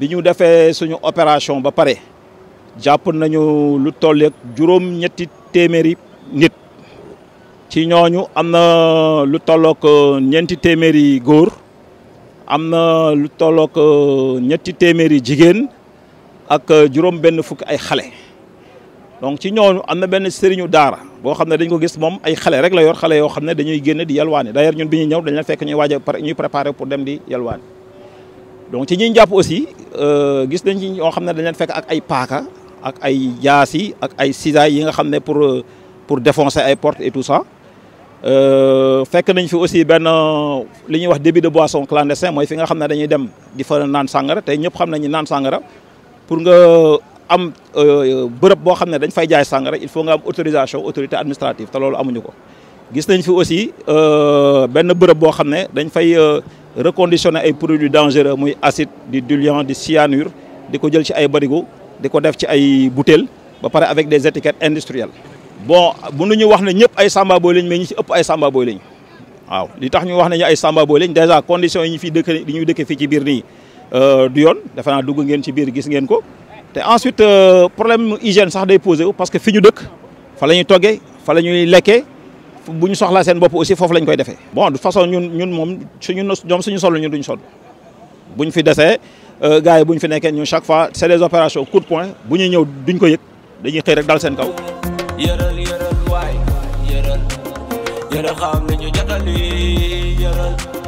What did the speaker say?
bi ñu so suñu opération ba pare jàpp nañu lu toll ak ñetti téeméeri nit ci ñooñu amna na lu tollook euh, ñeenti téeméeri góor amna na lu tollook euh, ñetti téeméeri jigéen ak euh, juróom benn fuk ay xale donc ci ñooñu am na benn sëriñu daara boo dañ ko gis mom ay xale rek la yor xale yoo xam ne dañuy génn di yalwaani d'ailleurs ñun bi ñuy ñëw dañ la fekk ñuy waaj ñuy préparer pour dem di yalwaani donc ci aussi Euh, gis nañ ci ñoo xam dañ leen fekk ak ay paaka ak ay jaasi ak ay cisaay yi nga xam pour pour défoncer ay portes et tout ça euh fekk nañ fi aussi ben li ñuy wax début de boisson clandestin moy fi nga xam dañuy dem di fa nan sangara tey ñëpp xam nañu nan sangara pour nga am euh bërepp bo ne dañ fay jaay sangara il faut nga am autorisation autorité administrative té loolu amuñu ko gis nañ fi aussi euh, benn bërëb boo xam ne dañ fay euh, reconditionner ay produits dangereux muy acide du diluant du cyanure di ko jël ci ay barigo di ko def ci ay bouteilles ba pare avec des étiquettes industrielles. bon mënuñu wax ne ñëpp ay Samba Boy lañ mais ñi ci ëpp ay Samba Boy lañ waaw li tax ñu wax né ñu ay Samba Boy lañ déjà condition yi ñu fi dëkk yi ñuy dëkk fi ci biir euh du yoon dafa na dugg ngeen ci biir gis ngeen ko té ensuite euh, problème hygiène sax day poser parce que fi ñu dëkk fa lañuy toggé fa lañuy ñuy bu soxla soxlaa seen bopp aussi foofu lañ koy defee bon de façon ñun ñun mom suñu ñoom suñu sol ñun duñ sol buñ fi desee euh gaay buñ fi nekké ñun chaque fois c'est des opérations coup de poing bu ñew duñ ko yek dañuy xey rek dal seen kaw. yëral yëral way yëral yëral xam nañu jotal yi yëral.